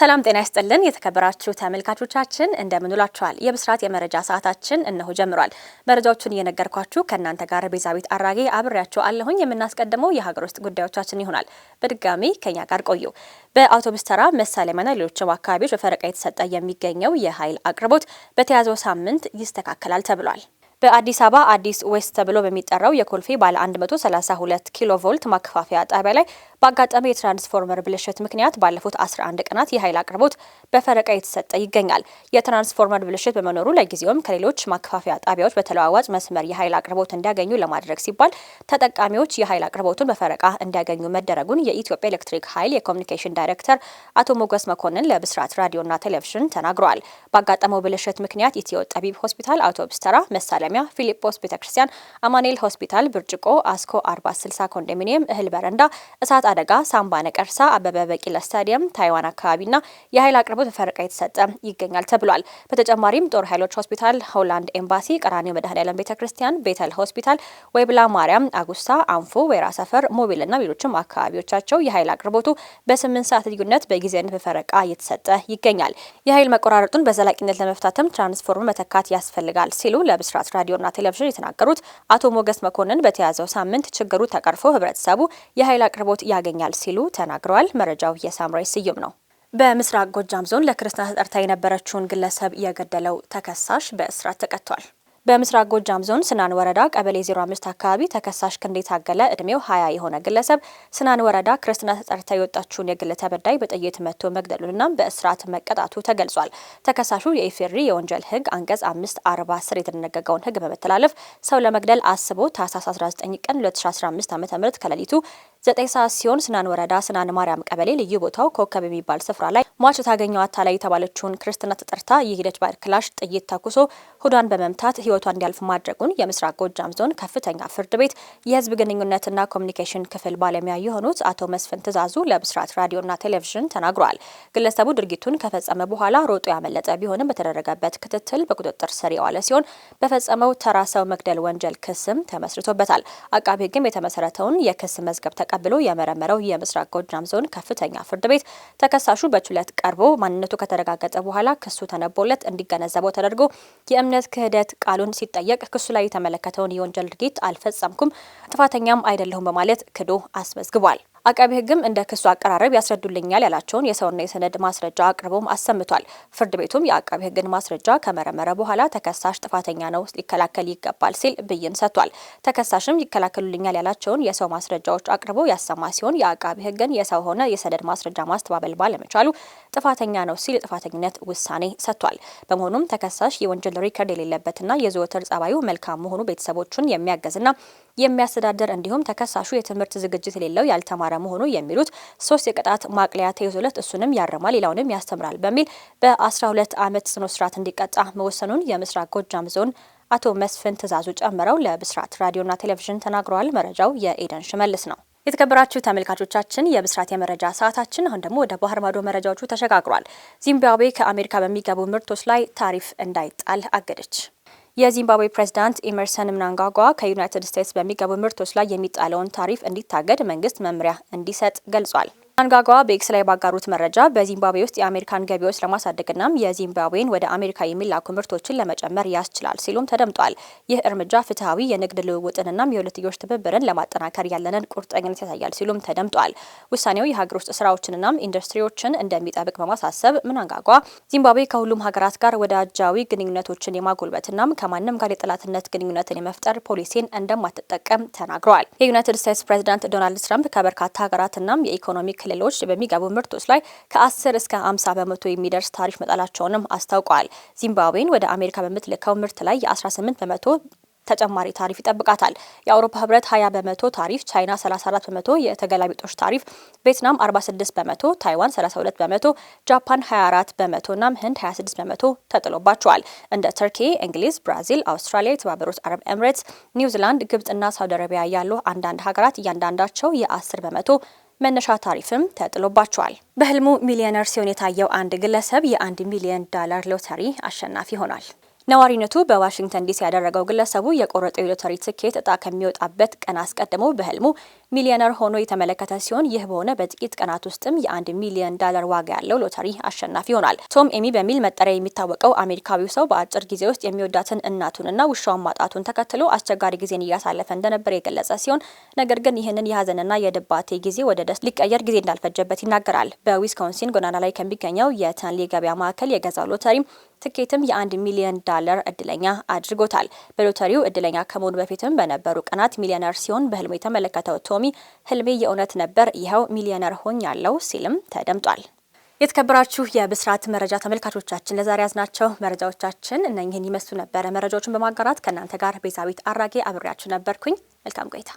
ሰላም ጤና ይስጥልን የተከበራችሁ ተመልካቾቻችን፣ እንደምንውላችኋል። የብስራት የመረጃ ሰዓታችን እነሆ ጀምሯል። መረጃዎቹን እየነገርኳችሁ ከእናንተ ጋር ቤዛቤት አራጌ አብሬያችሁ አለሁኝ። የምናስቀድመው የሀገር ውስጥ ጉዳዮቻችን ይሆናል። በድጋሚ ከኛ ጋር ቆዩ። በአውቶቡስ ተራ መሳለሚያና ሌሎችም አካባቢዎች በፈረቃ የተሰጠ የሚገኘው የኃይል አቅርቦት በተያዘው ሳምንት ይስተካከላል ተብሏል። በአዲስ አበባ አዲስ ዌስት ተብሎ በሚጠራው የኮልፌ ባለ 132 ኪሎ ቮልት ማከፋፈያ ጣቢያ ላይ በአጋጣሚ የትራንስፎርመር ብልሽት ምክንያት ባለፉት 11 ቀናት የኃይል አቅርቦት በፈረቃ የተሰጠ ይገኛል። የትራንስፎርመር ብልሽት በመኖሩ ለጊዜውም ከሌሎች ማከፋፈያ ጣቢያዎች በተለዋዋጭ መስመር የኃይል አቅርቦት እንዲያገኙ ለማድረግ ሲባል ተጠቃሚዎች የኃይል አቅርቦቱን በፈረቃ እንዲያገኙ መደረጉን የኢትዮጵያ ኤሌክትሪክ ኃይል የኮሚኒኬሽን ዳይሬክተር አቶ ሞገስ መኮንን ለብስራት ራዲዮና ቴሌቪዥን ተናግረዋል። ባጋጠመው ብልሽት ምክንያት ኢትዮ ጠቢብ ሆስፒታል፣ አውቶብስ ተራ፣ መሳለሚያ፣ ፊሊጶስ ቤተክርስቲያን፣ አማኔል ሆስፒታል፣ ብርጭቆ፣ አስኮ፣ 460 ኮንዶሚኒየም፣ እህል በረንዳ፣ እሳት አደጋ፣ ሳምባ ነቀርሳ፣ አበበ በቂላ ስታዲየም፣ ታይዋን አካባቢና የኃይል አቅርቦት በፈረቃ የተሰጠ ይገኛል ተብሏል። በተጨማሪም ጦር ኃይሎች ሆስፒታል፣ ሆላንድ ኤምባሲ፣ ቀራኒው መድኃኔዓለም ቤተ ክርስቲያን፣ ቤተል ሆስፒታል፣ ወይብላ ማርያም፣ አጉስታ፣ አንፎ፣ ወይራ ሰፈር፣ ሞቢልና ሌሎችም አካባቢዎቻቸው የኃይል አቅርቦቱ በስምንት ሰዓት ልዩነት በጊዜያዊነት በፈረቃ እየተሰጠ ይገኛል። የኃይል መቆራረጡን በዘላቂነት ለመፍታትም ትራንስፎርመር መተካት ያስፈልጋል ሲሉ ለብስራት ራዲዮና ቴሌቪዥን የተናገሩት አቶ ሞገስ መኮንን በተያዘው ሳምንት ችግሩ ተቀርፎ ህብረተሰቡ የኃይል አቅርቦት ያ። ያገኛል ሲሉ ተናግረዋል። መረጃው የሳምራይ ስዩም ነው። በምስራቅ ጎጃም ዞን ለክርስትና ተጠርታ የነበረችውን ግለሰብ የገደለው ተከሳሽ በእስራት ተቀጥቷል። በምስራቅ ጎጃም ዞን ስናን ወረዳ ቀበሌ 05 አካባቢ ተከሳሽ ክንዴ ታገለ እድሜው 20 የሆነ ግለሰብ ስናን ወረዳ ክርስትና ተጠርታ የወጣችውን የግል ተበዳይ በጥይት መቶ መግደሉና በእስራት መቀጣቱ ተገልጿል። ተከሳሹ የኢፌሪ የወንጀል ህግ አንቀጽ 540 ስር የተደነገገውን ህግ በመተላለፍ ሰው ለመግደል አስቦ ታህሳስ 19 ቀን 2015 ዓ ም ከሌሊቱ ዘጠኝ ሰዓት ሲሆን ስናን ወረዳ ስናን ማርያም ቀበሌ ልዩ ቦታው ኮከብ የሚባል ስፍራ ላይ ሟቹ ታገኘው አታላይ የተባለችውን ክርስትና ተጠርታ የሄደች ክላሽ ጥይት ተኩሶ ሆዷን በመምታት ህይወቷ እንዲያልፍ ማድረጉን የምስራቅ ጎጃም ዞን ከፍተኛ ፍርድ ቤት የህዝብ ግንኙነትና ኮሚኒኬሽን ክፍል ባለሙያ የሆኑት አቶ መስፍን ትእዛዙ ለብስራት ራዲዮና ቴሌቪዥን ተናግረዋል። ግለሰቡ ድርጊቱን ከፈጸመ በኋላ ሮጦ ያመለጠ ቢሆንም በተደረገበት ክትትል በቁጥጥር ስር የዋለ ሲሆን በፈጸመው ተራ ሰው መግደል ወንጀል ክስም ተመስርቶበታል። አቃቤ ህግም የተመሰረተውን የክስ መዝገብ ተቀብሎ የመረመረው የምስራቅ ጎጃም ዞን ከፍተኛ ፍርድ ቤት ተከሳሹ በችሎት ቀርቦ ማንነቱ ከተረጋገጠ በኋላ ክሱ ተነቦለት እንዲገነዘበው ተደርጎ የእምነት ክህደት ቃሉን ሲጠየቅ ክሱ ላይ የተመለከተውን የወንጀል ድርጊት አልፈጸምኩም፣ ጥፋተኛም አይደለሁም በማለት ክዶ አስመዝግቧል። አቃቤ ሕግም እንደ ክሱ አቀራረብ ያስረዱልኛል ያላቸውን የሰውና የሰነድ ማስረጃ አቅርቦም አሰምቷል። ፍርድ ቤቱም የአቃቤ ሕግን ማስረጃ ከመረመረ በኋላ ተከሳሽ ጥፋተኛ ነው፣ ሊከላከል ይገባል ሲል ብይን ሰጥቷል። ተከሳሽም ይከላከሉልኛል ያላቸውን የሰው ማስረጃዎች አቅርቦ ያሰማ ሲሆን የአቃቤ ሕግን የሰው ሆነ የሰነድ ማስረጃ ማስተባበል ባለመቻሉ ጥፋተኛ ነው ሲል የጥፋተኝነት ውሳኔ ሰጥቷል። በመሆኑም ተከሳሽ የወንጀል ሪከርድ የሌለበትና የዘወትር ጸባዩ መልካም መሆኑ ቤተሰቦቹን የሚያገዝና የሚያስተዳደር እንዲሁም ተከሳሹ የትምህርት ዝግጅት የሌለው ያልተማረ መሳሪያ መሆኑ የሚሉት ሶስት የቅጣት ማቅለያ ተይዞለት እሱንም ያርማል ሌላውንም ያስተምራል በሚል በ12 ዓመት ጽኑ እስራት እንዲቀጣ መወሰኑን የምስራቅ ጎጃም ዞን አቶ መስፍን ትእዛዙ ጨምረው ለብስራት ራዲዮና ቴሌቪዥን ተናግረዋል። መረጃው የኤደን ሽመልስ ነው። የተከበራችሁ ተመልካቾቻችን የብስራት የመረጃ ሰዓታችን አሁን ደግሞ ወደ ባህር ማዶ መረጃዎቹ ተሸጋግሯል። ዚምባብዌ ከአሜሪካ በሚገቡ ምርቶች ላይ ታሪፍ እንዳይጣል አገደች። የዚምባብዌ ፕሬዚዳንት ኢመርሰን ምናንጋጓ ከዩናይትድ ስቴትስ በሚገቡ ምርቶች ላይ የሚጣለውን ታሪፍ እንዲታገድ መንግስት መምሪያ እንዲሰጥ ገልጿል። አንጋጋዋ በኤክስ ላይ ባጋሩት መረጃ በዚምባብዌ ውስጥ የአሜሪካን ገቢዎች ለማሳደግናም የዚምባብዌን ወደ አሜሪካ የሚላኩ ምርቶችን ለመጨመር ያስችላል ሲሉም ተደምጧል። ይህ እርምጃ ፍትሐዊ የንግድ ልውውጥንናም የሁለትዮሽ ትብብርን ለማጠናከር ያለንን ቁርጠኝነት ያሳያል ሲሉም ተደምጧል። ውሳኔው የሀገር ውስጥ ስራዎችንናም ኢንዱስትሪዎችን እንደሚጠብቅ በማሳሰብ ምናንጋጓ ዚምባብዌ ከሁሉም ሀገራት ጋር ወዳጃዊ ግንኙነቶችን የማጎልበትናም ከማንም ጋር የጠላትነት ግንኙነትን የመፍጠር ፖሊሲን እንደማትጠቀም ተናግረዋል። የዩናይትድ ስቴትስ ፕሬዚዳንት ዶናልድ ትራምፕ ከበርካታ ሀገራትናም የኢኮኖሚክ ክልሎች በሚገቡ ምርቶች ላይ ከ10 እስከ 50 በመቶ የሚደርስ ታሪፍ መጣላቸውንም አስታውቋል። ዚምባብዌን ወደ አሜሪካ በምትልከው ምርት ላይ የ18 በመቶ ተጨማሪ ታሪፍ ይጠብቃታል። የአውሮፓ ህብረት 20 በመቶ ታሪፍ፣ ቻይና 34 በመቶ የተገላቢጦሽ ታሪፍ፣ ቬትናም 46 በመቶ፣ ታይዋን 32 በመቶ፣ ጃፓን 24 በመቶ እናም ህንድ 26 በመቶ ተጥሎባቸዋል። እንደ ተርኪ፣ እንግሊዝ፣ ብራዚል፣ አውስትራሊያ፣ የተባበሩት አረብ ኤምሬትስ፣ ኒውዚላንድ፣ ግብጽ ሳውዲ አረቢያ ያሉ አንዳንድ ሀገራት እያንዳንዳቸው የ10 በመቶ መነሻ ታሪፍም ተጥሎባቸዋል። በህልሙ ሚሊዮነር ሲሆን የታየው አንድ ግለሰብ የአንድ ሚሊዮን ዶላር ሎተሪ አሸናፊ ሆኗል። ነዋሪነቱ በዋሽንግተን ዲሲ ያደረገው ግለሰቡ የቆረጠው የሎተሪ ትኬት እጣ ከሚወጣበት ቀን አስቀድሞ በህልሙ ሚሊዮነር ሆኖ የተመለከተ ሲሆን ይህ በሆነ በጥቂት ቀናት ውስጥም የአንድ ሚሊዮን ዳለር ዋጋ ያለው ሎተሪ አሸናፊ ይሆናል። ቶም ኤሚ በሚል መጠሪያ የሚታወቀው አሜሪካዊው ሰው በአጭር ጊዜ ውስጥ የሚወዳትን እናቱንና ውሻውን ማጣቱን ተከትሎ አስቸጋሪ ጊዜን እያሳለፈ እንደነበር የገለጸ ሲሆን ነገር ግን ይህንን የሀዘንና የድባቴ ጊዜ ወደ ደስ ሊቀየር ጊዜ እንዳልፈጀበት ይናገራል። በዊስኮንሲን ጎዳና ላይ ከሚገኘው የተንሌ ገበያ ማዕከል የገዛው ሎተሪም ትኬትም የአንድ ሚሊዮን ዳለር እድለኛ አድርጎታል። በሎተሪው እድለኛ ከመሆኑ በፊትም በነበሩ ቀናት ሚሊዮነር ሲሆን በህልሙ የተመለከተው ቶም ኢኮኖሚ ህልሜ የእውነት ነበር፣ ይኸው ሚሊዮነር ሆኝ ያለው ሲልም ተደምጧል። የተከበራችሁ የብስራት መረጃ ተመልካቾቻችን ለዛሬ ያዝናቸው መረጃዎቻችን እነኝህን ይመስሉ ነበረ። መረጃዎችን በማጋራት ከእናንተ ጋር ቤዛቤት አራጌ አብሬያችሁ ነበርኩኝ። መልካም ቆይታ